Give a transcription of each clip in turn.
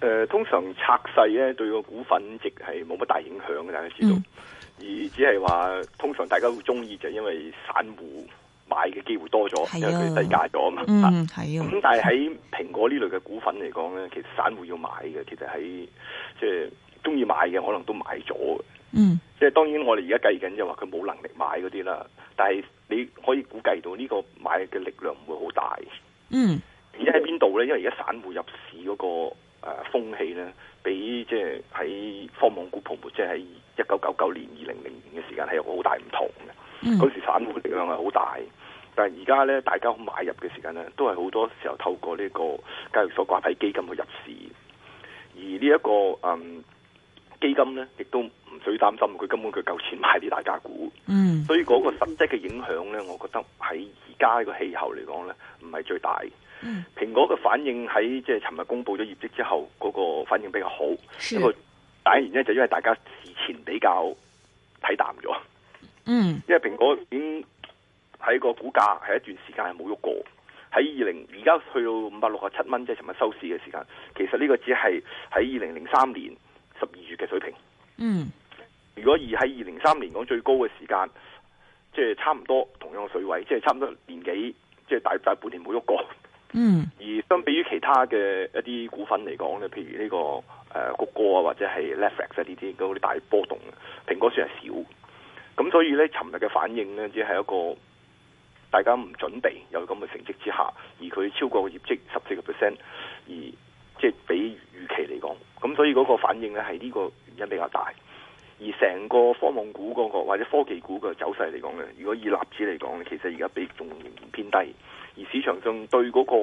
誒、呃，通常拆細咧，對個股份值係冇乜大影響嘅，大家知道。嗯、而只係話，通常大家會中意就係因為散戶買嘅機會多咗、啊，因為佢低價咗啊嘛。嗯，係、啊。咁但係喺蘋果呢類嘅股份嚟講咧，其實散戶要買嘅，其實喺即係中意買嘅，可能都買咗。嗯。即、就、係、是、當然，我哋而家計緊就話佢冇能力買嗰啲啦。但係你可以估計到呢個買嘅力量唔會好大。嗯。而家喺邊度咧？因為而家散戶入市嗰、那個。誒、啊、風氣咧，比即係喺科網股泡沫，即係喺一九九九年、二零零年嘅時間係有好大唔同嘅。嗰、嗯、時散戶力量係好大，但係而家咧，大家買入嘅時間咧，都係好多時候透過呢個交易所掛牌基金去入市。而呢、這、一個嗯基金咧，亦都唔使要擔心，佢根本佢夠錢買啲大家股。嗯，所以嗰個實質嘅影響咧，我覺得喺而家個氣候嚟講咧，唔係最大。嗯，蘋果嘅反應喺即係尋日公布咗業績之後，嗰個反應比較好。一個第一原因就因為大家事前比較睇淡咗。嗯，因為蘋果已經喺個股價係一段時間係冇喐過。喺二零而家去到五百六十七蚊，即係尋日收市嘅時間。其實呢個只係喺二零零三年十二月嘅水平。嗯，如果二喺二零三年講最高嘅時間，即係差唔多同樣嘅水位，即係差唔多年幾，即係大大半年冇喐過。嗯，而相比於其他嘅一啲股份嚟講咧，譬如呢個，誒，谷歌啊，或者係 Netflix 啊呢啲嗰啲大波動，蘋果算係少，咁所以咧，尋日嘅反應咧，只係一個大家唔準備有咁嘅成績之下，而佢超過業績十四個 percent，而即係比預期嚟講，咁所以嗰個反應咧係呢個原因比較大，而成個科網股嗰個或者科技股嘅走勢嚟講咧，如果以納指嚟講，其實而家比仲仍然偏低。而市場上對嗰、那個，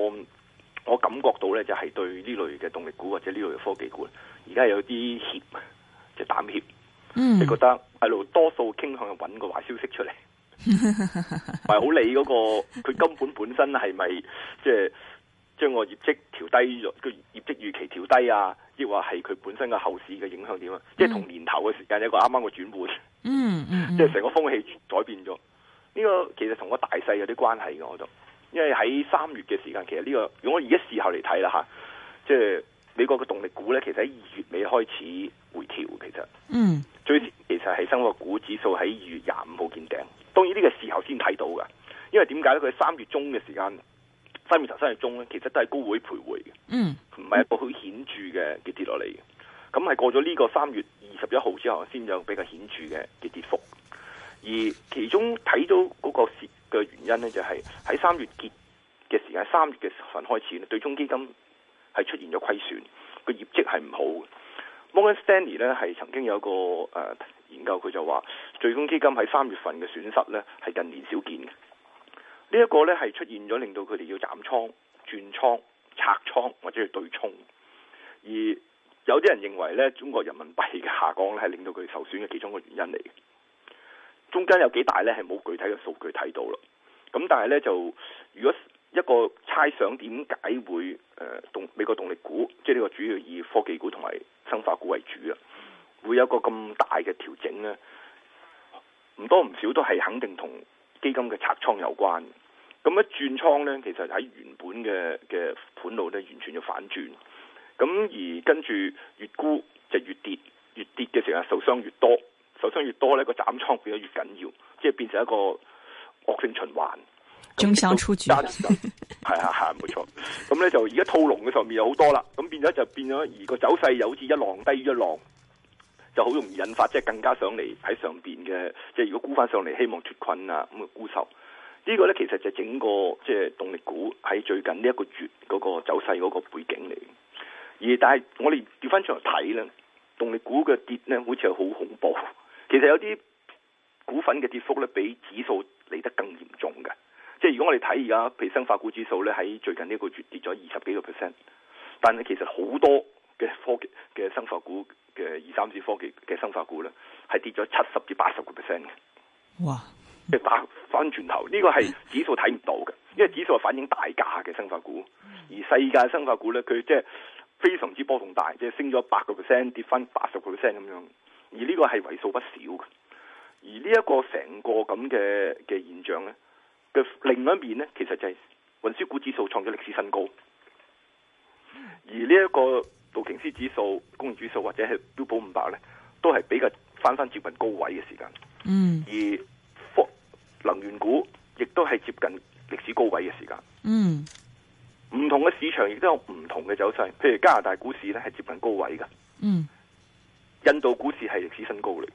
我感覺到咧就係、是、對呢類嘅動力股或者呢類嘅科技股，而家有啲怯，即、就、係、是、膽怯。嗯，你覺得喺度多數傾向去揾個壞消息出嚟，唔 好理嗰、那個佢根本本身係咪即係將個業績調低咗，個業績預期調低啊？抑或係佢本身嘅後市嘅影響點啊？即、mm. 係同年頭嘅時間有一個啱啱嘅轉換。即係成個風氣改變咗。呢、這個其實同個大勢有啲關係嘅，我都。因為喺三月嘅時間，其實呢個如果而家事後嚟睇啦吓，即係美國嘅動力股咧，其實喺二月尾開始回調，其實嗯，最其實係生個股指數喺二月廿五號見頂，當然呢個事後先睇到噶，因為點解咧？佢喺三月中嘅時間，三月頭三月中咧，其實都係高位徘徊嘅，嗯，唔係一個好顯著嘅嘅跌落嚟嘅，咁係過咗呢個三月二十一號之後，先有比較顯著嘅嘅跌幅。而其中睇到嗰個蝕嘅原因咧，就係喺三月結嘅時間，三月嘅時份開始對沖基金係出現咗虧損，個業績係唔好嘅。Morgan Stanley 咧，係曾經有一個誒、呃、研究他說，佢就話對沖基金喺三月份嘅損失咧係近年少見嘅。這個、呢一個咧係出現咗，令到佢哋要斬倉轉倉拆倉或者要對沖。而有啲人認為咧，中國人民幣嘅下降咧係令到佢受損嘅其中一個原因嚟嘅。中間有幾大呢，係冇具體嘅數據睇到咯。咁但係呢，就如果一個猜想，點解會誒美國動力股，即係呢個主要以科技股同埋生化股為主啊？會有一個咁大嘅調整呢？唔多唔少都係肯定同基金嘅拆倉有關。咁一轉倉呢，其實喺原本嘅嘅盤路呢，完全就反轉。咁而跟住越沽就越跌，越跌嘅時候受傷越多。受傷越多咧，個斬倉變得越緊要，即係變成一個惡性循環。爭相出局，係係係，冇錯、啊。咁咧就而家套牢嘅上面有好多啦，咁變咗就變咗而個走勢又好似一浪低一浪，就好容易引發即係、就是、更加上嚟喺上邊嘅，即、就、係、是、如果沽翻上嚟希望脫困啊咁嘅、那個、沽售。這個、呢個咧其實就是整個即係、就是、動力股喺最近呢一個月嗰、那個走勢嗰個背景嚟。而但係我哋調翻轉嚟睇咧，動力股嘅跌咧好似係好恐怖。其實有啲股份嘅跌幅咧，比指數嚟得更嚴重嘅。即係如果我哋睇而家譬如生化股指數咧，喺最近呢個月跌咗二十幾個 percent，但係其實好多嘅科技嘅生化股嘅二三線科技嘅生化股咧，係跌咗七十至八十個 percent 嘅。哇！即係打翻轉頭，呢、這個係指數睇唔到嘅，因為指數係反映大價嘅生化股，而世界的生化股咧，佢即係非常之波動大，即、就、係、是、升咗百個 percent，跌翻八十個 percent 咁樣。而呢個係為數不少嘅，而呢一個成個咁嘅嘅現象呢，嘅另一面呢，其實就係運輸股指數創咗歷史新高，而呢一個道瓊斯指數、工業指數或者係標普五百呢，都係比較翻翻接近高位嘅時間。嗯，而科能源股亦都係接近歷史高位嘅時間。嗯，唔同嘅市場亦都有唔同嘅走勢，譬如加拿大股市呢，係接近高位嘅。嗯。印度股市係歷史新高嚟，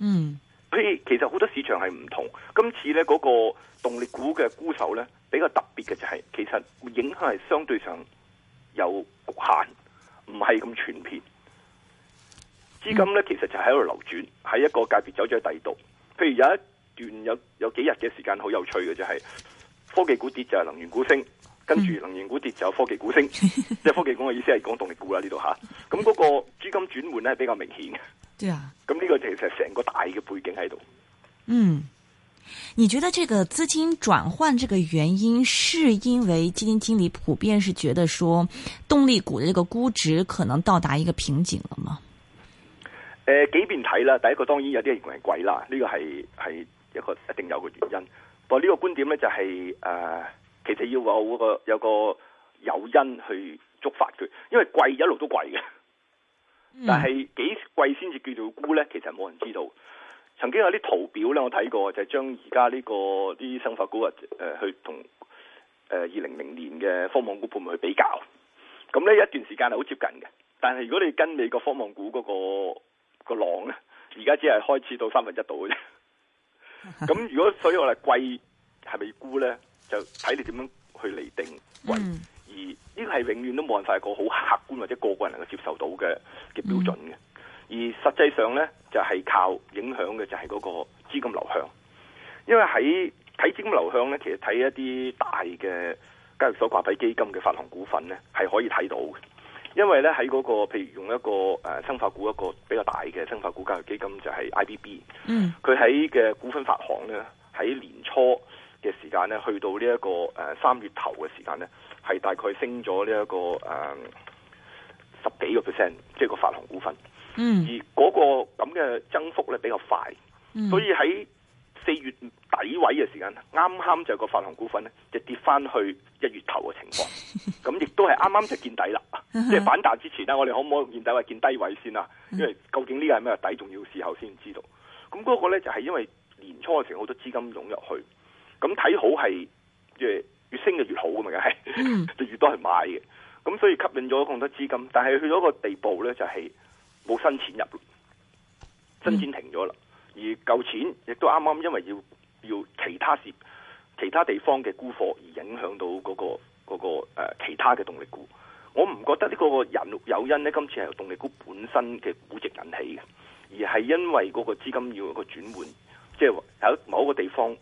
嗯，所以其實好多市場係唔同。今次咧嗰個動力股嘅沽售咧比較特別嘅就係、是，其實影響係相對上有局限，唔係咁全片資金咧，其實就喺度流轉，喺一個界別走咗去第二度。譬如有一段有有幾日嘅時間好有趣嘅就係、是、科技股跌就係能源股升。跟住能源股跌，就有科技股升，即、嗯、係 科技股嘅意思係講動力股啦呢度吓，咁嗰個資金轉換咧比較明顯，對啊，咁呢個其實成個大嘅背景喺度。嗯，你覺得這個資金轉換這個原因，是因為基金經理普遍是覺得說動力股的這個估值可能到達一個瓶頸了嗎？誒、嗯呃，幾面睇啦，第一個當然有啲人認為係貴啦，呢、這個係係一個一定有一個原因，不過呢個觀點咧就係、是、誒。呃其實要有個有個誘因去觸發佢，因為貴一路都貴嘅，但係幾貴先至叫做沽咧？其實冇人知道。曾經有啲圖表咧，我睇過就係、是、將而家呢個啲生化股啊，誒，去同誒二零零年嘅科網股盤嚟去比較。咁呢一段時間係好接近嘅，但係如果你跟美國科網股嗰個，那個浪咧，而家只係開始到三分一度嘅啫。咁如果所以我哋貴係咪沽咧？是就睇你點樣去厘定位，而呢個係永遠都冇辦法一個好客觀或者個個人能夠接受到嘅嘅標準嘅。而實際上呢，就係靠影響嘅就係嗰個資金流向，因為喺睇資金流向呢，其實睇一啲大嘅交易所掛牌基金嘅發行股份呢，係可以睇到。因為呢，喺嗰個，譬如用一個誒生化股一個比較大嘅生化股交易基金就係 IBB，嗯，佢喺嘅股份發行呢，喺年初。嘅時間咧，去到呢、這、一個誒三、呃、月頭嘅時間咧，係大概升咗呢一個誒十幾個 percent，即係個發行股份。嗯。而嗰個咁嘅增幅咧比較快，所以喺四月底位嘅時間，啱、嗯、啱就個發行股份咧就跌翻去一月頭嘅情況。咁亦都係啱啱就見底啦，即 係反彈之前啦。我哋可唔可以見底或見低位先啊？因為究竟呢個係咩底，仲要事後先知道。咁嗰個咧就係、是、因為年初嘅時候好多資金湧入去。咁睇好係越越升就越好噶嘛，梗係就越多人買嘅。咁所以吸引咗咁多資金，但係去咗個地步呢，就係、是、冇新錢入，新錢停咗啦。而舊錢亦都啱啱因為要要其他市、其他地方嘅沽貨而影響到嗰、嗰個、嗰個誒、呃、其他嘅動力股。我唔覺得呢個個引誘因呢，今次係由動力股本身嘅估值引起嘅，而係因為嗰個資金要有一個轉換，即係喺某一個地方。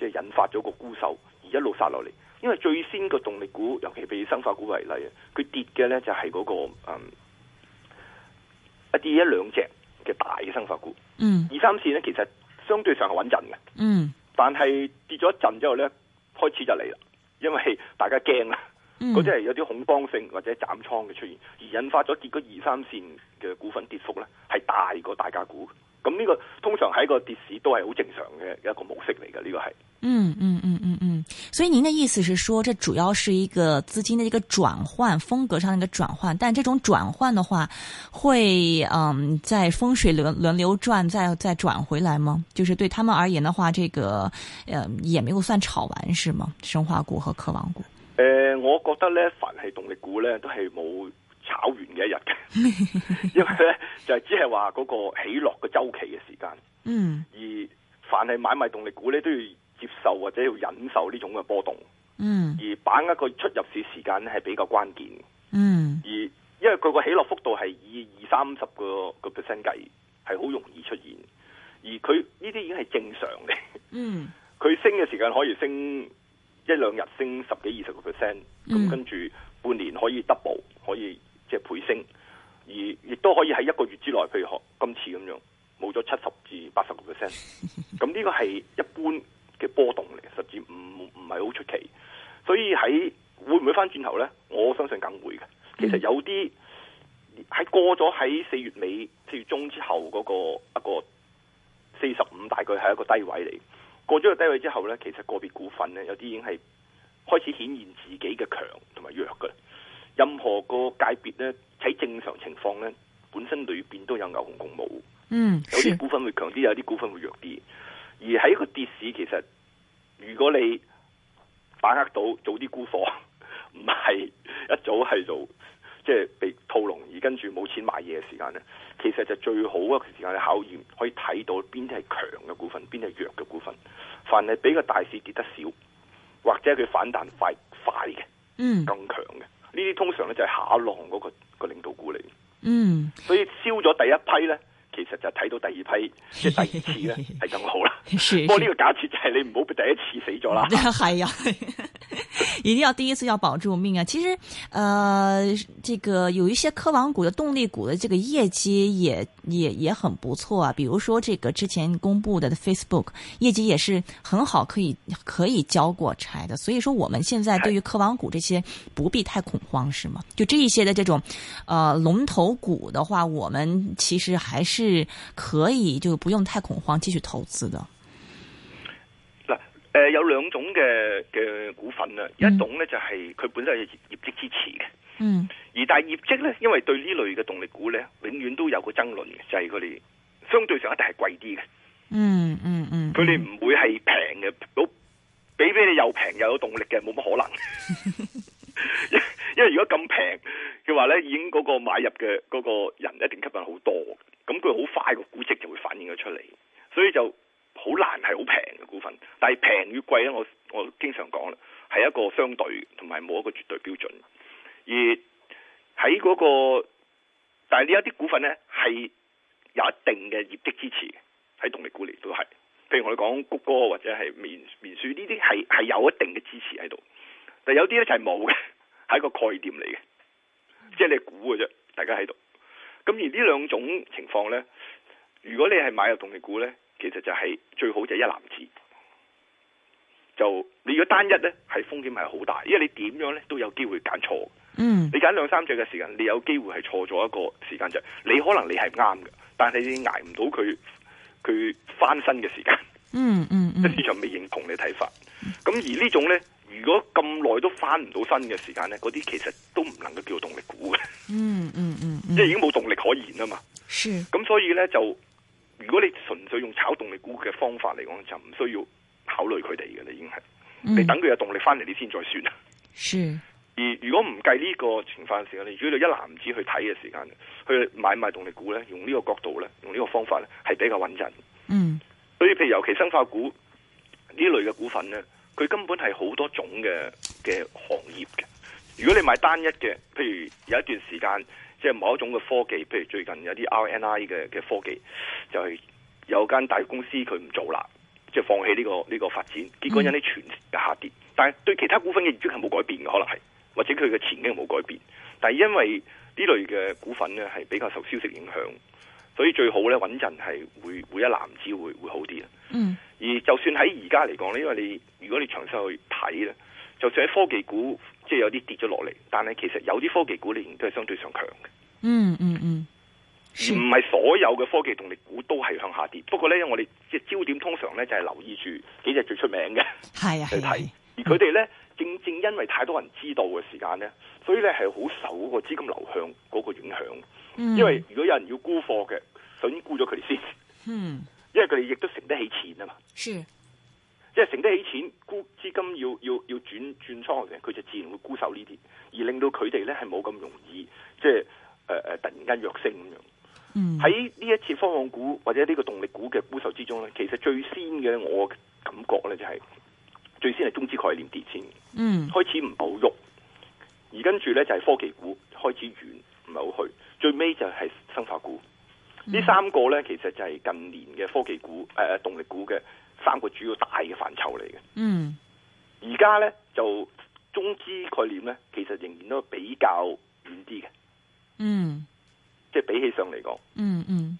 即係引發咗個沽手，而一路殺落嚟，因為最先個動力股，尤其譬如生化股為例啊，佢跌嘅咧就係嗰、嗰個嗯一啲一兩隻嘅大嘅生化股，嗯二三線咧其實相對上係穩陣嘅，嗯，但係跌咗一陣之後咧，開始就嚟啦，因為大家驚啊，嗰啲係有啲恐慌性或者斬倉嘅出現，而引發咗跌嗰二三線嘅股份跌幅咧係大過大價股。咁呢個通常喺個跌市，都係好正常嘅一個模式嚟嘅，呢個係。嗯嗯嗯嗯嗯，所以您的意思是說，這主要是一個資金的一個轉換，風格上的一個轉換，但這種轉換的話，會嗯、呃、在風水輪輪流轉再，再再轉回來嗎？就是對他們而言的話，這個，嗯、呃，也沒有算炒完，是嗎？生化股和科網股。誒、呃，我覺得咧，凡係動力股咧，都係冇。炒完嘅一日，因為咧就係、是、只係話嗰個起落嘅週期嘅時間。嗯、mm.，而凡係買賣動力股咧，都要接受或者要忍受呢種嘅波動。嗯、mm.，而把握個出入市時間咧係比較關鍵。嗯、mm.，而因為佢個起落幅度係以二三十個個 percent 計，係好容易出現。而佢呢啲已經係正常嘅。嗯，佢升嘅時間可以升一兩日，升十幾二十個 percent，咁跟住半年可以 double，可以。即係倍升，而亦都可以喺一個月之內，譬如學今次咁樣，冇咗七十至八十個 percent。咁呢個係一般嘅波動嚟，甚至唔唔係好出奇。所以喺會唔會翻轉頭呢？我相信梗會嘅。其實有啲喺過咗喺四月尾四月中之後嗰個一個四十五大概係一個低位嚟。過咗個低位之後呢，其實個別股份呢，有啲已經係開始顯現自己嘅強同埋弱噶。任何個界別咧，喺正常情況咧，本身裏邊都有牛熊共舞。嗯，有啲股份會強啲，有啲股份會弱啲。而喺個跌市，其實如果你把握到早啲沽貨，唔係一早係做即係、就是、被套籠而跟住冇錢買嘢嘅時間咧，其實就最好一個時間去考驗，可以睇到邊啲係強嘅股份，邊啲係弱嘅股份。凡係比個大市跌得少，或者佢反彈快快嘅，嗯，更強嘅。呢啲通常咧就係下浪嗰個個領導股嚟，嗯，所以燒咗第一批咧。其實就睇到第二批，即第二次咧，係 更好啦。不過呢個假設就係你唔好俾第一次死咗啦。係啊， 一定要第一次要保住命啊。其實，呃這個有一些科網股的動力股的這個業績也也也很不錯啊。比如說這個之前公布的 Facebook 業績也是很好，可以可以交過差的。所以說我們現在對於科網股這些不必太恐慌，是嗎？就這一些的這種，呃龍頭股的話，我們其實還是。是可以就不用太恐慌，繼續投資的。嗱，誒，有兩種嘅嘅股份啊，一種咧就係佢本身係業績支持嘅，嗯，而但係業績咧，因為對呢類嘅動力股咧，永遠都有個爭論嘅，就係佢哋相對上一定係貴啲嘅，嗯嗯嗯，佢哋唔會係平嘅，都比比你又平又有動力嘅冇乜可能， 因為如果咁平嘅話咧，已經嗰個買入嘅嗰個人一定吸引好多。咁佢好快個估值就會反映咗出嚟，所以就好難係好平嘅股份。但係平與貴咧，我我經常講啦，係一個相對，同埋冇一個絕對標準。而喺嗰個，但係呢一啲股份咧係有一定嘅業績支持嘅，喺動力股嚟都係。譬如我哋講谷歌或者係面面書呢啲，係有一定嘅支持喺度。但有啲咧就係冇嘅，係一個概念嚟嘅，即係你估嘅啫。大家喺度。咁而呢兩種情況呢，如果你係買入動力股呢，其實就係最好就係一籃子，就你如果單一呢，係風險係好大，因為你點樣呢都有機會揀錯。嗯，你揀兩三隻嘅時間，你有機會係錯咗一個時間軸，你可能你係啱嘅，但係你捱唔到佢佢翻身嘅時間。嗯嗯嗯，即係市場未認同你睇法。咁而呢種呢。如果咁耐都翻唔到身嘅時間咧，嗰啲其實都唔能夠叫做動力股嘅。嗯嗯嗯，即、嗯、係、嗯、已經冇動力可言啊嘛。是。咁所以咧，就如果你純粹用炒動力股嘅方法嚟講，就唔需要考慮佢哋嘅，你已經係，你等佢有動力翻嚟，你先再算啊。是。而如果唔計呢個情況嘅時候，你如果你一籃子去睇嘅時間，去買賣動力股咧，用呢個角度咧，用呢個方法咧，係比較穩陣。嗯。所以，譬如尤其生化股呢類嘅股份咧。佢根本係好多種嘅嘅行業嘅。如果你買單一嘅，譬如有一段時間即係某一種嘅科技，譬如最近有啲 RNI 嘅嘅科技，就係有間大公司佢唔做啦，即係放棄呢個呢個發展，結果引起全市下跌。但係對其他股份嘅業績係冇改變嘅，可能係或者佢嘅前景冇改變。但係因為呢類嘅股份咧，係比較受消息影響。所以最好咧穩陣係會會一籃子會會好啲啊！嗯，而就算喺而家嚟講咧，因為你如果你詳細去睇咧，就算喺科技股，即係有啲跌咗落嚟，但係其實有啲科技股你仍然都係相對上強嘅。嗯嗯嗯，唔係所有嘅科技動力股都係向下跌。不過咧，我哋即係焦點通常咧就係留意住幾隻最出名嘅，係啊，係、啊，去睇、嗯。而佢哋咧正正因為太多人知道嘅時間咧，所以咧係好受嗰個資金流向嗰個影響、嗯。因為如果有人要沽貨嘅。首先沽咗佢哋先，嗯，因為佢哋亦都承得起錢啊嘛，即因為承得起錢，沽資金要要要轉轉倉嘅，佢就自然會沽售呢啲，而令到佢哋咧係冇咁容易，即係誒誒突然間弱升咁樣，喺、嗯、呢一次方向股或者呢個動力股嘅沽售之中咧，其實最先嘅我的感覺咧就係、是、最先係中資概念跌先，嗯，開始唔保喐，而跟住咧就係科技股開始軟唔係好去，最尾就係生化股。呢三個呢，其實就係近年嘅科技股、誒、呃、動力股嘅三個主要大嘅範疇嚟嘅。嗯，而家呢，就中資概念呢，其實仍然都比較遠啲嘅。嗯，即係比起上嚟講。嗯嗯。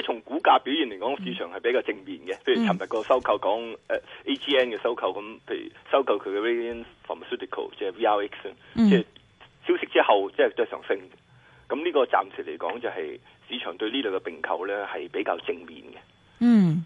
表現嚟講，市場係比較正面嘅。譬如尋日個收購講，誒、嗯呃、AGN 嘅收購咁，譬如收購佢嘅 Valeant Pharmaceutical，即係 VRX，即、嗯、係、就是、消息之後，即係再上升。咁呢個暫時嚟講，就係市場對類呢類嘅並購咧係比較正面嘅。嗯。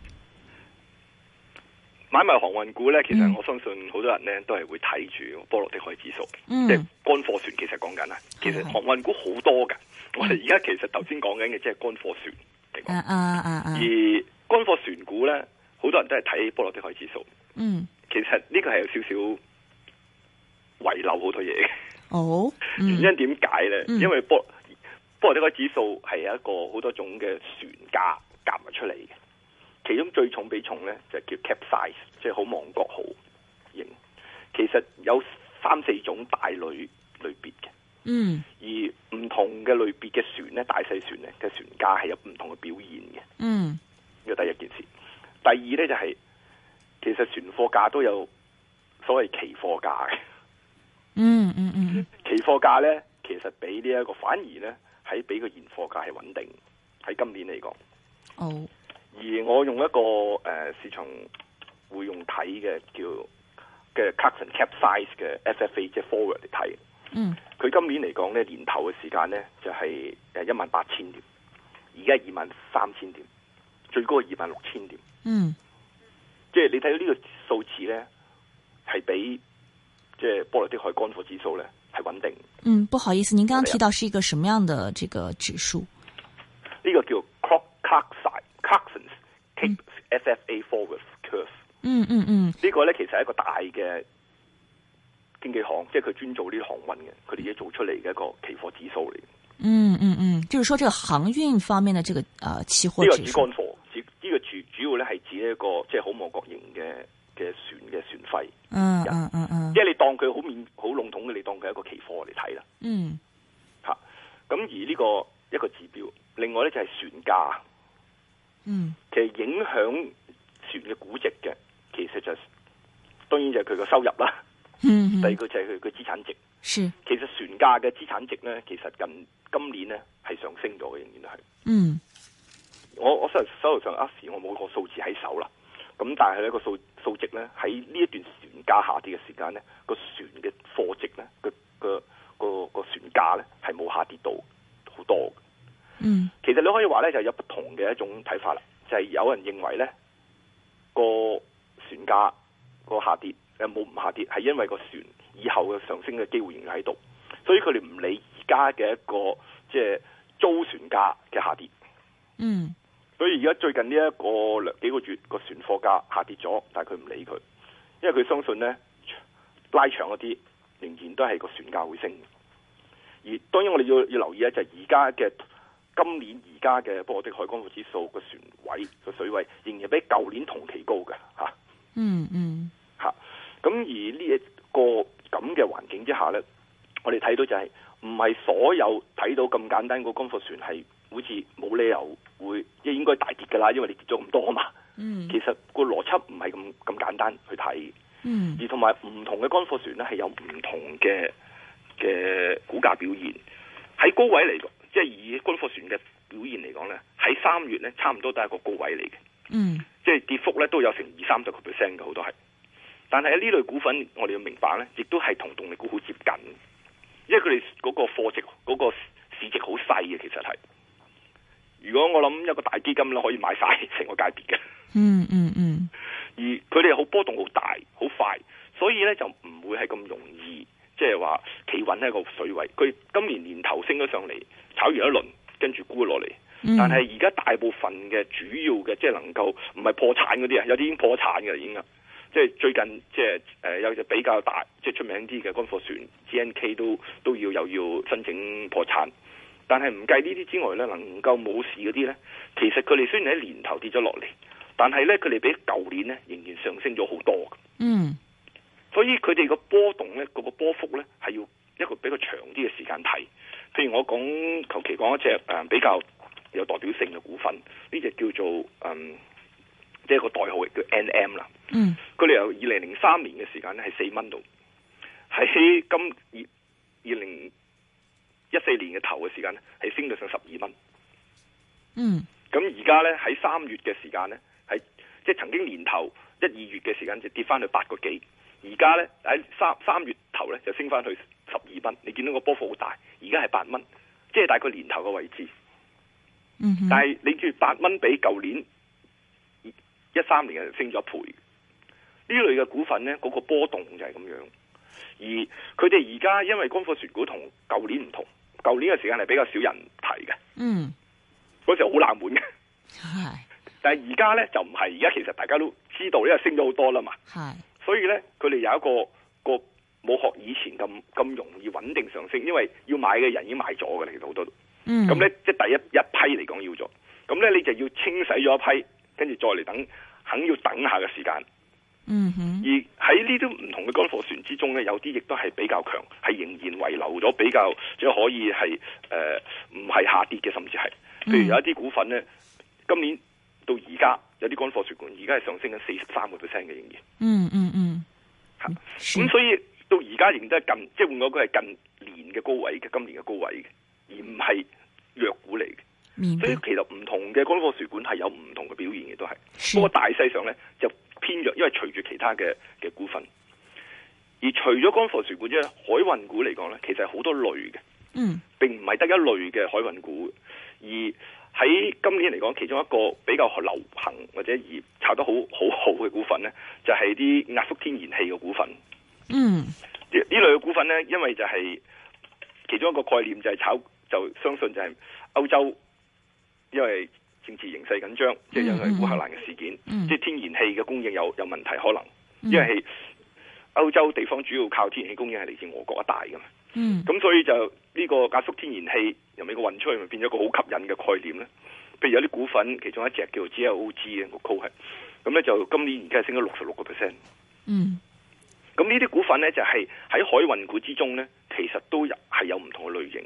買埋航運股咧，其實我相信好多人咧都係會睇住波羅的海指數，嗯，即係乾貨船。其實講緊啦，其實航運股好多噶，嗯。我哋而家其實頭先講緊嘅即係乾貨船嚟講，啊啊啊，而乾貨船股咧，好多人都係睇波羅的海指數。嗯，其實呢個係有少少遺漏好多嘢嘅。哦，嗯， 原因點解咧？因為波波羅的海指數係一個好多種嘅船價夾埋出嚟嘅。其中最重比重咧就叫 capsize，即係好望角號型。其實有三四種大類類別嘅，嗯。而唔同嘅類別嘅船咧，大細船咧嘅船價係有唔同嘅表現嘅，嗯。呢個第一件事。第二咧就係、是，其實船貨價都有所謂期貨價嘅，嗯嗯嗯。期貨價咧其實比呢、這、一個反而咧喺比個現貨價係穩定，喺今年嚟講。哦。而我用一個誒、呃、市場會用睇嘅叫嘅 Capesize 嘅 FFA 即係 forward 嚟睇，嗯，佢今年嚟講咧年頭嘅時間咧就係一萬八千點，而家二萬三千點，最高二萬六千點，嗯，即係你睇到這個數字呢個數字咧係比即係波羅的海乾貨指數咧係穩定，嗯，不好意思，您剛剛提到是一個什麼樣的這個指數？FFA forward curve，嗯嗯嗯，呢、嗯，這個咧其實係一個大嘅經紀行，即係佢專做呢啲航運嘅，佢哋而家做出嚟嘅一個期貨指數嚟。嗯嗯嗯，就是說，這個航運方面嘅這個啊、呃、期貨，呢、這個指乾貨，呢、這個主主要咧係指一個即係好望角型嘅嘅船嘅船費。嗯嗯嗯嗯，即、啊、係、啊、你當佢好面好籠統嘅，你當佢係一個期貨嚟睇啦。嗯，吓、啊，咁而呢個一個指標，另外咧就係船價。嗯，其實影響船嘅估值嘅，其實就係、當然就係佢個收入啦、嗯。嗯，第二個就係佢個資產值。其實船價嘅資產值咧，其實近今年咧係上升咗嘅，仍然都係。嗯，我我收上我手上一時我冇個數字喺手啦。咁但係咧個數數值咧喺呢在這一段船價下跌嘅時間咧，個船嘅貨值咧，個個個個船價咧係冇下跌到好多。嗯，其實你可以話咧，就有不同嘅一種睇法啦。就係有人認為咧，個船價個下跌，誒冇唔下跌，係因為個船以後嘅上升嘅機會仍然喺度，所以佢哋唔理而家嘅一個即係租船價嘅下跌。嗯，所以而家最近呢一個兩幾個月個船貨價下跌咗，但係佢唔理佢，因為佢相信咧拉長一啲，仍然都係個船價會升。而當然我哋要要留意咧，就係而家嘅。今年而家嘅波的海乾貨指數，個船位個水位仍然比舊年同期高嘅吓，嗯嗯吓，咁、啊、而呢、這、一個咁嘅環境之下咧，我哋睇到就係唔係所有睇到咁簡單個乾貨船係好似冇理由會即係應該大跌噶啦，因為你跌咗咁多啊嘛，嗯，其實個邏輯唔係咁咁簡單去睇，嗯，而同埋唔同嘅乾貨船咧係有唔同嘅嘅股價表現，喺高位嚟嘅。即係以軍火船嘅表現嚟講咧，喺三月咧差唔多都係個高位嚟嘅。嗯，即係跌幅咧都有成二三十個 percent 嘅，好多係。但係呢類股份，我哋要明白咧，亦都係同動力股好接近，因為佢哋嗰個貨值嗰個市值好細嘅，其實係。如果我諗一個大基金咧，可以買晒，成個界別嘅。嗯嗯嗯。而佢哋好波動好大，好快，所以咧就唔會係咁容易。即係話企穩喺一個水位，佢今年年頭升咗上嚟，炒完一輪，跟住沽落嚟。但係而家大部分嘅主要嘅，即係能夠唔係破產嗰啲啊，有啲已經破產嘅，已經啊，即係最近即係誒、呃、有隻比較大，即係出名啲嘅乾貨船 GNK 都都要又要申請破產。但係唔計呢啲之外咧，能夠冇事嗰啲咧，其實佢哋雖然喺年頭跌咗落嚟，但係咧佢哋比舊年咧仍然上升咗好多嘅。嗯。所以佢哋個波動咧，嗰、嗰個波幅咧，係要一個比較長啲嘅時間睇。譬如我講，求其講一隻誒比較有代表性嘅股份，呢隻叫做誒，即、嗯、係、即係、個代號亦叫 N.M. 啦、嗯。嗯。佢哋由二零零三年嘅時間咧，係四蚊度，喺今二二零一四年嘅頭嘅時間咧，係升到上十二蚊。嗯。咁而家咧，喺三月嘅時間咧，係即係曾經年頭一二月嘅時間就跌翻去八個幾。而家咧，喺三三月頭咧，就升翻去十二蚊，你見到個波幅好大。而家係八蚊，即係大概年頭嘅位置。嗯，但係你見住八蚊比舊年一三年嘅升咗一倍。呢類嘅股份咧，嗰個波動就係咁樣。而佢哋而家因為乾貨船股同舊年唔同，舊年嘅時間係比較少人提嘅。嗯，嗰時候好冷門嘅。係，但係而家咧就唔係，而家其實大家都知道，因為升咗好多啦嘛。係，所以咧。佢哋有一個一個冇學以前咁咁容易穩定上升，因為要買嘅人已經買咗嘅啦，其實好多。咁、嗯、呢，即係第一一批嚟講要咗，咁呢，你就要清洗咗一批，跟住再嚟等肯要等一下嘅時間。嗯哼、而喺呢啲唔同嘅乾貨船之中呢，有啲亦都係比較強，係仍然遺留咗比較，即可以係誒唔係下跌嘅，甚至係譬如有一啲股份呢，今年到而家有啲乾貨船，管而家係上升緊四十三個 percent 嘅仍然。嗯嗯嗯咁、嗯、所以到而家仍然都係近，即係換句句係近年嘅高位嘅，今年嘅高位嘅，而唔係弱股嚟嘅。所以其實唔同嘅乾貨水管係有唔同嘅表現嘅，都係。不、那、過、個、大勢上咧就偏弱，因為隨住其他嘅嘅股份，而除咗乾貨水管之外，海運股嚟講咧，其實係好多類嘅，嗯，並唔係得一類嘅海運股，而。喺今年嚟講，其中一個比較流行或者而炒得好好好嘅股份呢，就係啲壓縮天然氣嘅股份。嗯，呢類嘅股份呢，因為就係其中一個概念就係炒，就相信就係歐洲因為政治形勢緊張，mm. 即係因為烏克蘭嘅事件，mm. 即係天然氣嘅供應有有問題，可能因為係。歐洲地方主要靠天然氣供應係嚟自俄國一帶嘅嘛，嗯，咁所以就呢個壓縮天然氣由美國運出去咪變咗個好吸引嘅概念咧。譬如有啲股份，其中一隻叫做 GLOG 啊，個 code 係，咁咧就今年而家升咗六十六個 percent，嗯，咁呢啲股份咧就係喺海運股之中咧，其實都係有唔同嘅類型。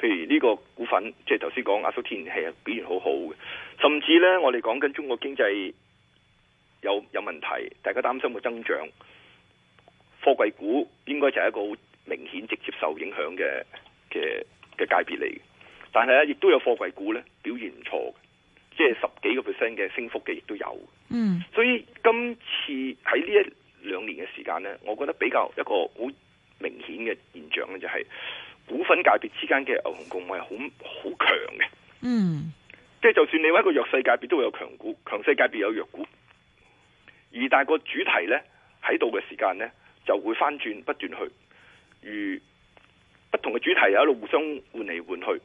譬如呢個股份，即係頭先講壓縮天然氣表現好好嘅，甚至咧我哋講緊中國經濟有有問題，大家擔心個增長。貨櫃股應該就係一個好明顯直接受影響嘅嘅嘅界別嚟嘅，但係咧亦都有貨櫃股咧表現唔錯，即係十幾個 percent 嘅升幅嘅亦都有。嗯，所以今次喺呢一兩年嘅時間咧，我覺得比較一個好明顯嘅現象咧，就係股份界別之間嘅牛熊共舞係好好強嘅。嗯，即係就算你話一個弱勢界別，都會有強股，強勢界別有弱股，而大係個主題咧喺度嘅時間咧。就會翻轉不斷去，而不同嘅主題又喺度互相換嚟換去，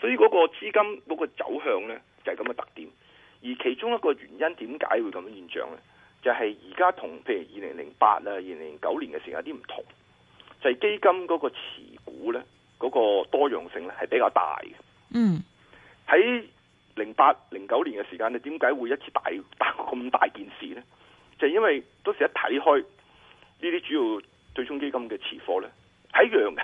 所以嗰個資金嗰個走向呢，就係咁嘅特點。而其中一個原因點解會咁嘅現象呢？就係而家同譬如二零零八啊、二零零九年嘅時候有啲唔同，就係、係、基金嗰個持股呢，嗰、嗰個多樣性呢係比較大嘅。嗯，喺零八零九年嘅時間，你點解會一次大打咁大，大件事呢？就係、因為當時一睇開。呢啲主要對沖基金嘅持貨咧，係一樣嘅。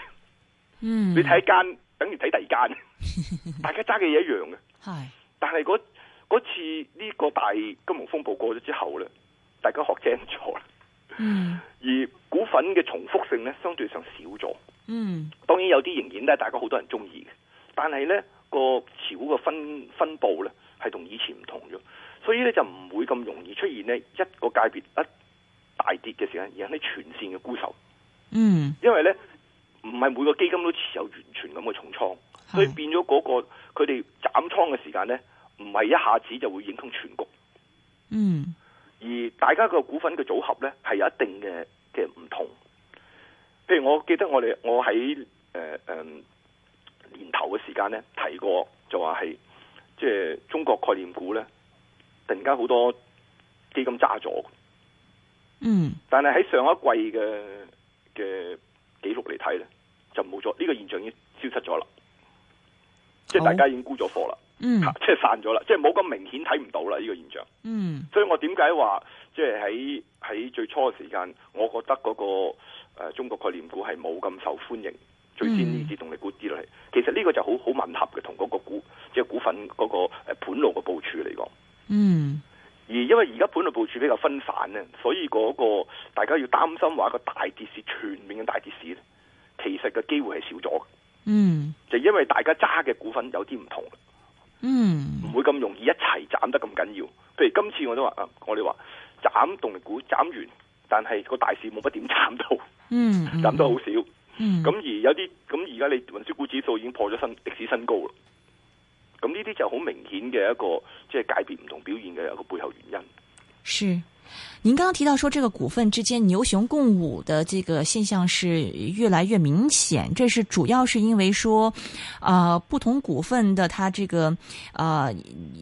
嗯，你睇一間等於睇第二間， 大家揸嘅嘢一樣嘅。係，但係嗰次呢個大金融風暴過咗之後咧，大家學精咗啦。嗯，而股份嘅重複性咧，相對上少咗。嗯，當然有啲仍然咧，大家好多人中意嘅。但係咧，個持股嘅分分佈咧，係同以前唔同咗，所以咧就唔會咁容易出現呢一個界別一。大跌嘅時間引起全線嘅沽售，嗯，因為咧唔係每個基金都持有完全咁嘅重倉，所以變咗嗰、嗰個佢哋斬倉嘅時間咧，唔係一下子就會影響全局，嗯，而大家嘅股份嘅組合咧係有一定嘅嘅唔同，譬如我記得我哋我喺誒誒年頭嘅時間咧提過就話係即係中國概念股咧突然間好多基金揸咗。嗯，但係喺上一季嘅嘅記錄嚟睇咧，就冇咗呢個現象，已經消失咗啦。即係大家已經沽咗貨啦，吓、嗯，即係散咗啦，即係冇咁明顯睇唔到啦呢個現象。嗯，所以我點解話，即係喺喺最初嘅時間，我覺得嗰、那個誒、呃、中國概念股係冇咁受歡迎。最先呢啲動力股落類，其實呢個就好好吻合嘅，同嗰個股即係、就是、股份嗰個誒盤路嘅部署嚟講。嗯。而因為而家本來部署比較分散咧，所以嗰、那個大家要擔心話一個大跌市、全面嘅大跌市咧，其實個機會係少咗嘅。嗯，就因為大家揸嘅股份有啲唔同，嗯，唔會咁容易一齊斬得咁緊要。譬如今次我都話啊，我哋話斬動力股斬完，但係個大市冇乜點斬到，嗯，斬得好少，咁、嗯、而有啲咁而家你運輸股指數已經破咗新歷史新高啦。咁呢啲就好明顯嘅一個，即係界別唔同表現嘅一個背後原因。是。您剛剛提到說，這個股份之間牛熊共舞的這個現象是越來越明顯。這是主要是因為說，啊、呃，不同股份的它這個呃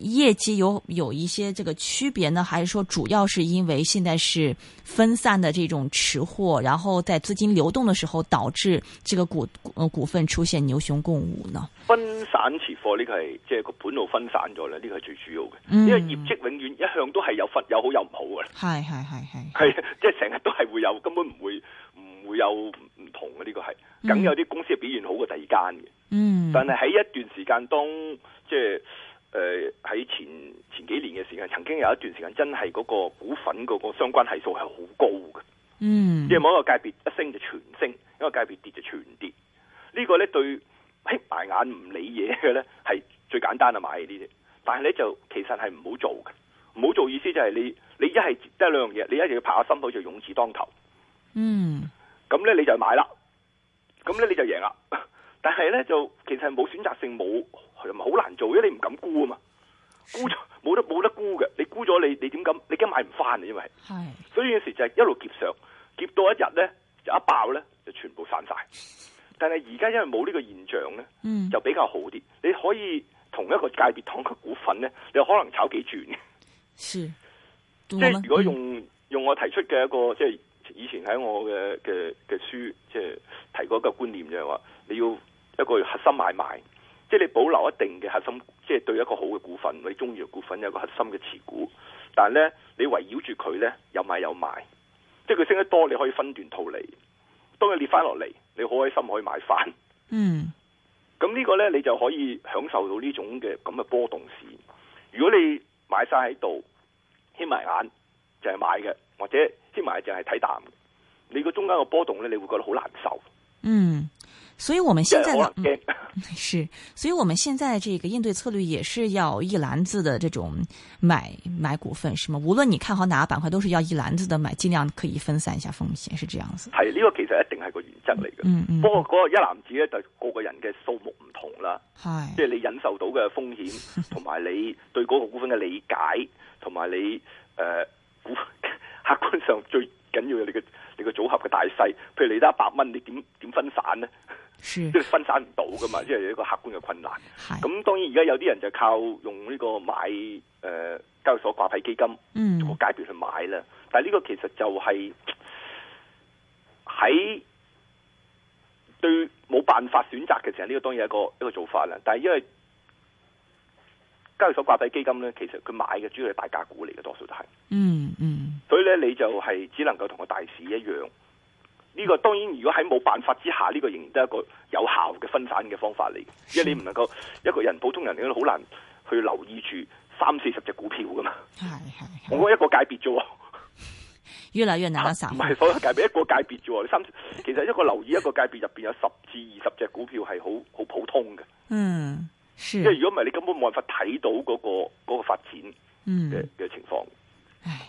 業績有有一些這個區別呢？還是說主要是因為現在是分散的這種持貨，然後在資金流動的時候導致這個股、呃、股份出現牛熊共舞呢？分散持貨呢個係即係個盤路分散咗啦，呢個係最主要嘅。嗯。因為業績永遠一向都係有分有好有唔好嘅。係。係係係，係即係成日都係會有，根本唔會唔會有唔同嘅呢個係，梗有啲公司表現好過第二間嘅。嗯，但係喺一段時間當，即係誒喺前前幾年嘅時間，曾經有一段時間真係嗰個股份嗰個相關係數係好高嘅。嗯，即係某一個界別一升就全升，一個界別跌就全跌。這個，呢個咧對瞌埋眼唔理嘢嘅咧係最簡單啊，買呢啲。但係咧就其實係唔好做嘅。唔好做意思就係你你一係得兩樣嘢，你一定要拍下心口就勇字當頭。嗯，咁咧你就買啦，咁咧你就贏啦。但係咧就其實係冇選擇性，冇好難做，因為你唔敢沽啊嘛，沽咗冇得冇得沽嘅，你沽咗你你點敢你驚買唔翻啊，因為係，所以有時就係一路劫上，劫到一日咧就一爆咧就全部散晒。但係而家因為冇呢個現象咧，就比較好啲、嗯。你可以同一個界別檔嘅股份咧，你可能炒幾轉。是即係如果用用我提出嘅一個即係以前喺我嘅嘅嘅書即係提過一個觀念，就係話你要一個核心買賣，即係你保留一定嘅核心，即係對一個好嘅股份，你中意嘅股份有一個核心嘅持股，但係咧你圍繞住佢咧有買有賣，即係佢升得多你可以分段套利，當佢跌翻落嚟你好開心可以買翻，嗯，咁呢個咧你就可以享受到呢種嘅咁嘅波動市，如果你。買晒喺度，牽埋眼就係買嘅，或者牽埋淨係睇淡。你個中間個波動咧，你會覺得好難受。嗯。所以我們現在的、嗯，是，所以我們現在這個應對策略也是要一籃子的這種買買股份，是嗎？無論你看好哪個板塊，都是要一籃子的買，盡量可以分散一下風險，是這樣子。係，呢、這個其實一定係個原則嚟嘅。嗯嗯。不過嗰、那個一籃子咧，就個個人嘅數目唔同啦。係。即係你忍受到嘅風險，同埋你對嗰個股份嘅理解，同埋你誒、呃，股客觀上最。緊要你個你個組合嘅大細，譬如你得一百蚊，你點點分散呢？即都 分散唔到噶嘛，即、就、為、是、一個客觀嘅困難。咁當然而家有啲人就靠用呢個買誒、呃、交易所掛牌基金，嗯，個階段去買啦。但係呢個其實就係喺對冇辦法選擇嘅時候，呢、這個當然係一個一個做法啦。但係因為交易所掛牌基金咧，其實佢買嘅主要係大價股嚟嘅，多數都係。嗯嗯。所以咧，你就係只能夠同個大市一樣。呢個當然，如果喺冇辦法之下，呢個仍然都係一個有效嘅分散嘅方法嚟。因為你唔能夠一個人，普通人你好難去留意住三四十隻股票噶嘛。係係，我覺得一個界別啫。越嚟越難，唔係所有界別，一個界別啫。三，其實一個留意一個界別入邊有十至二十隻股票係好好普通嘅。嗯，因為如果唔係，你根本冇辦法睇到嗰個嗰個發展，嘅嘅情況。唉。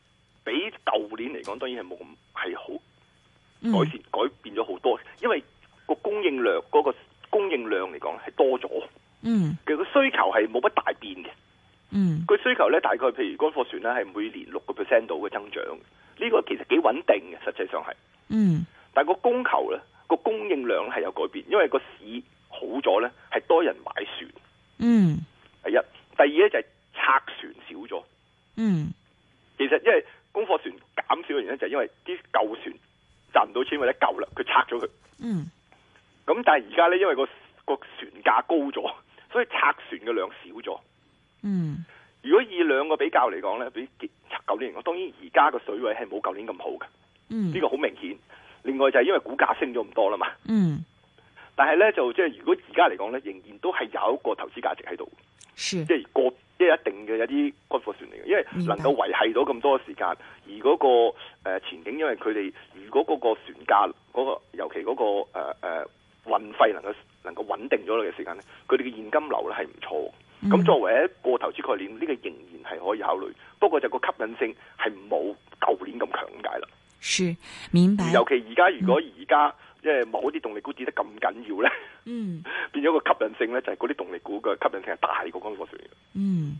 比舊年嚟講，當然係冇咁係好改善，改變咗好多。因為個供應量嗰個供應量嚟講係多咗，嗯，其實個需求係冇乜大變嘅，嗯，個需求咧大概譬如嗰個貨船咧係每年六個 percent 度嘅增長，呢個其實幾穩定嘅，實際上係，嗯，但係個供求咧個供應量係有改變，因為個市好咗咧係多人買船，嗯，第一，第二咧就係拆船少咗，嗯，其實因為。供貨船減少嘅原因就係因為啲舊船賺唔到錢，或者舊啦，佢拆咗佢。嗯。咁但係而家咧，因為個個船價高咗，所以拆船嘅量少咗。嗯。如果以兩個比較嚟講咧，比舊年嚟講，當然而家個水位係冇舊年咁好嘅。嗯。呢、這個好明顯。另外就係因為股價升咗咁多啦嘛。嗯。但係咧就即、是、係如果而家嚟講咧，仍然都係有一個投資價值喺度。是。即係個。即係一定嘅有啲骨貨船嚟嘅，因為能夠維係到咁多時間，而嗰個誒前景，因為佢哋如果嗰個船價嗰個，尤其嗰個誒誒運費能夠能夠穩定咗嘅時間咧，佢哋嘅現金流咧係唔錯。咁作為一個投資概念，呢個仍然係可以考慮，不過就個吸引性係冇舊年咁強咁解啦。是明白。尤其而家，如果而家。嗯即係某啲動力股跌得咁緊要咧，嗯，變咗個吸引性咧，就係嗰啲動力股嘅吸引性係大過港股市場嘅，嗯。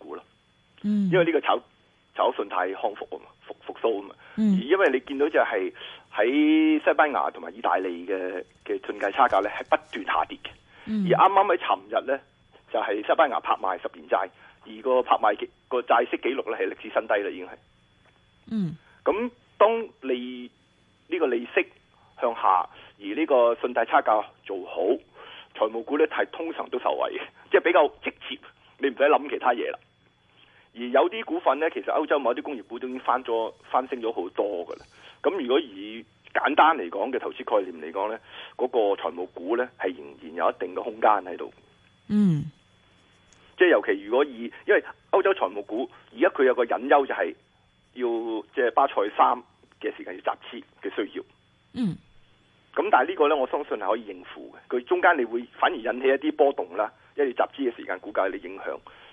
股咯，嗯，因為呢個炒炒信貸康復啊嘛，復復蘇啊嘛，而因為你見到就係喺西班牙同埋意大利嘅嘅信貸差價咧係不斷下跌嘅，嗯，而啱啱喺尋日咧就係、是、西班牙拍賣十年債，而個拍賣個債息紀錄咧係歷史新低啦，已經係，嗯，咁當利呢、呢個利息向下，而呢個信貸差價做好，財務股咧係通常都受惠嘅，即、就、係、是、比較直接，你唔使諗其他嘢啦。而有啲股份呢，其實歐洲某啲工業股都已經翻咗、翻升咗好多㗎喇。咁如果以簡單嚟講嘅投資概念嚟講呢，嗰、那個財務股呢係仍然有一定嘅空間喺度。嗯，即係尤其如果以，因為歐洲財務股而家佢有個隱憂就係要即係、就是、巴塞三嘅時間要集資嘅需要。嗯。咁但係呢個呢，我相信係可以應付嘅。佢中間你會反而引起一啲波動啦，因為你集資嘅時間估計有啲影響。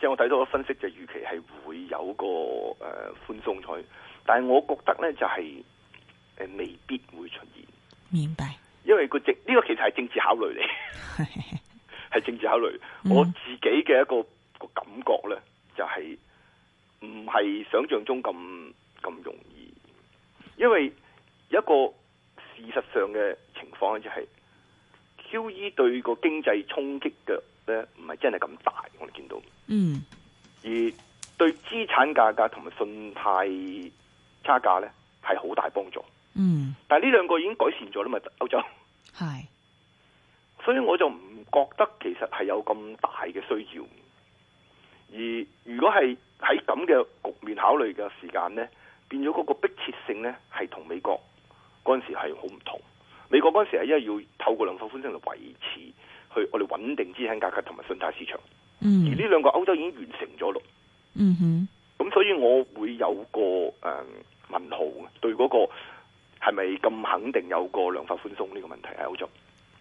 即係我睇到嘅分析就預期係會有個誒、呃、寬鬆彩，但係我覺得咧就係、是、誒、呃、未必會出現。明白，因為、這個政呢、這個其實係政治考慮嚟，係 政治考慮。嗯、我自己嘅一個一個感覺咧就係唔係想象中咁咁容易，因為一個事實上嘅情況就係 QE 對個經濟衝擊嘅。咧唔係真係咁大，我哋見到。嗯，而對資產價格同埋信貸差價咧，係好大幫助。嗯，但係呢兩個已經改善咗啦嘛，歐洲。係，所以我就唔覺得其實係有咁大嘅需要。而如果係喺咁嘅局面考慮嘅時間咧，變咗嗰個迫切性咧，係同美國嗰陣時係好唔同。美國嗰時係因為要透過量化寬鬆嚟維持，去我哋穩定資產價格同埋信貸市場。嗯，而呢兩個歐洲已經完成咗咯。嗯哼，咁所以我會有個誒問號嘅，對嗰個係咪咁肯定有個量化寬鬆呢個問題喺歐洲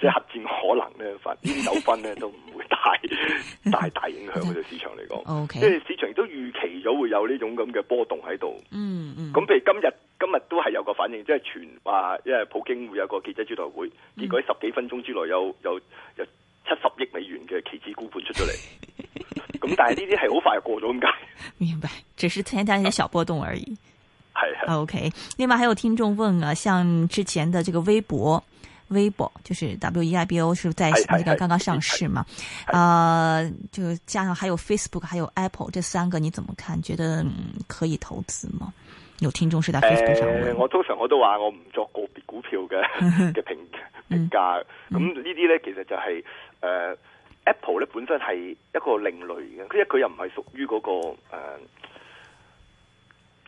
即係核戰可能咧，發啲糾紛咧都唔會大 大大影響佢哋市場嚟講。O、okay. K，因為市場亦都預期咗會有呢種咁嘅波動喺度。嗯嗯。咁譬如今日今日都係有個反應，即係傳話，因為普京會有個記者招待會，結果十幾分鐘之內有有有七十億美元嘅期指沽盤出咗嚟。咁 但係呢啲係好快就過咗咁解。 明白，只是添加啲小波動而已。 o、okay. K，另外還有聽眾問啊，像之前的這個微博。Weibo 就是 W E I B O，是，是在呢個剛剛上市嘛，啊、呃，就加上還有 Facebook，還有 Apple 這三個，你怎麼看？覺得可以投資嗎？有聽眾是在 Facebook 上、呃。我通常都說我都話我唔作個別股票嘅嘅評評價，咁、 嗯、呢啲咧其實就係、是、誒、呃、Apple 咧本身係一個另類嘅，因為佢又唔係屬於嗰個誒，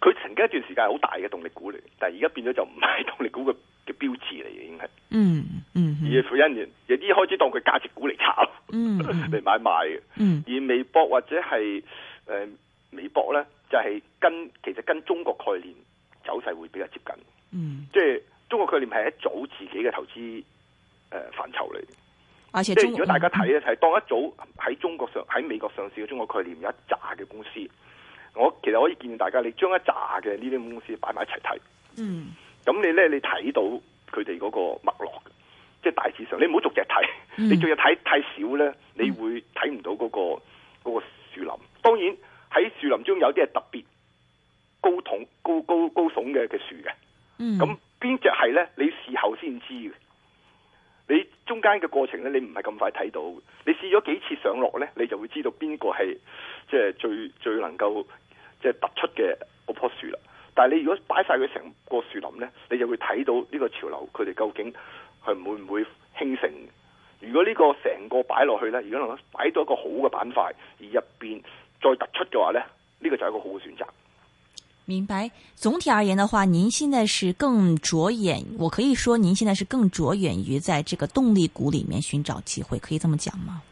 佢、呃、曾經一段時間係好大嘅動力股嚟，但係而家變咗就唔係動力股嘅。嘅標誌嚟嘅，已經係嗯嗯，而富欣源有啲開始當佢價值股嚟炒，嚟、 嗯嗯、 買賣嘅、嗯嗯。而微博或者係誒微博咧，就係、是、跟其實跟中國概念走勢會比較接近。嗯，即、就、係、是、中國概念係一組自己嘅投資誒、呃、範疇嚟嘅。而且，即、嗯、係、就是、如果大家睇咧，係、就是、當一組喺中國上喺美國上市嘅中國概念有一紮嘅公司，我其實可以建議大家，你將一紮嘅呢啲公司擺埋一齊睇。嗯。咁你咧，你睇到佢哋嗰個脈絡，即係大致上。你唔好逐隻睇，你逐隻睇太少咧，你會睇唔到嗰個嗰個樹林。當然喺樹林中有啲係特別高聳、高高高聳嘅嘅樹嘅。嗯。咁邊隻係咧？你事後先知嘅。你中間嘅過程咧，你唔係咁快睇到。你試咗幾次上落咧，你就會知道邊個係即係最最能夠即係突出嘅嗰樖樹啦。但係你如果擺晒佢成個樹林呢，你就會睇到呢個潮流，佢哋究竟係會唔會興盛？如果呢個成個擺落去呢，如果能擺到一個好嘅板塊，而入邊再突出嘅話呢，呢個就係一個好嘅選擇。明白。總體而言的話，您現在是更着眼，我可以說，您現在是更着眼於在這個動力股裏面尋找機會，可以這麼講嗎？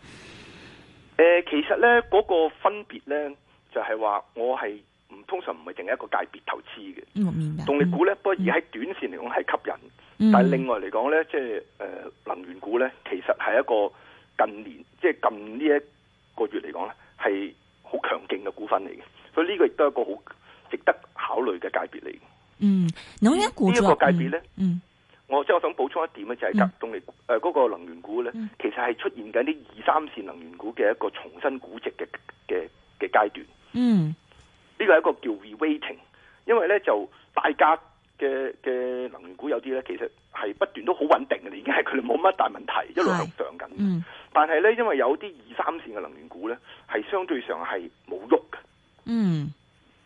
呃，其實呢，嗰個分別呢，就係話我係。唔通常唔係淨係一個界別投資嘅，動力股咧，不過而喺短線嚟講係吸引，嗯嗯、但係另外嚟講咧，即係誒、呃、能源股咧，其實係一個近年即係近呢一個月嚟講咧，係好強勁嘅股份嚟嘅，所以呢個亦都係一個好值得考慮嘅界別嚟嘅。嗯，呢？呢一個界別咧、嗯，嗯，我即係我想補充一點咧，就係隔動力誒嗰個能源股咧、嗯嗯，其實係出現緊啲二三線能源股嘅一個重新估值嘅嘅嘅階段。嗯。呢、這個係一個叫 reweighting 因為咧就大家嘅嘅能源股有啲咧，其實係不斷都好穩定嘅，已經係佢哋冇乜大問題，一路向上緊。嗯，但係咧，因為有啲二三線嘅能源股咧，係相對上係冇喐嘅。嗯，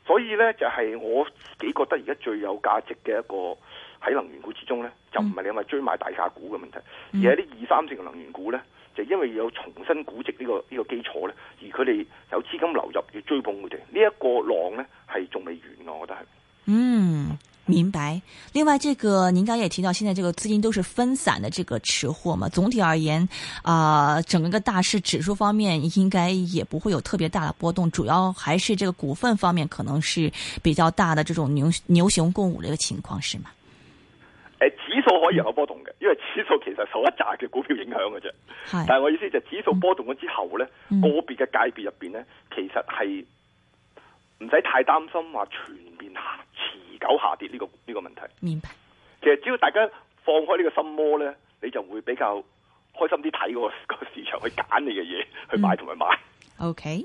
所以咧就係、是、我自己覺得而家最有價值嘅一個喺能源股之中咧。就唔係你話追買大價股嘅問題，而係啲二三線嘅能源股呢，就因為有重新估值呢個呢個基礎呢，而佢哋有資金流入要追捧佢哋，呢一個浪呢，係仲未完啊！我覺得係。嗯，明白。另外，這個您剛也提到，現在這個資金都是分散的，這個持貨嘛。總體而言，啊、呃，整個大市指數方面應該也不會有特別大嘅波動，主要還是這個股份方面可能是比較大的，這種牛牛熊共舞嘅一個情況，是嗎？指數可以有波動嘅，因為指數其實受一紮嘅股票影響嘅啫。係，但係我意思就係指數波動咗之後咧、嗯，個別嘅界別入邊咧，其實係唔使太擔心話全面下持久下跌呢個呢個問題。明白。其實只要大家放開呢個心魔咧，你就會比較開心啲睇個個市場去揀你嘅嘢去買同埋買。OK。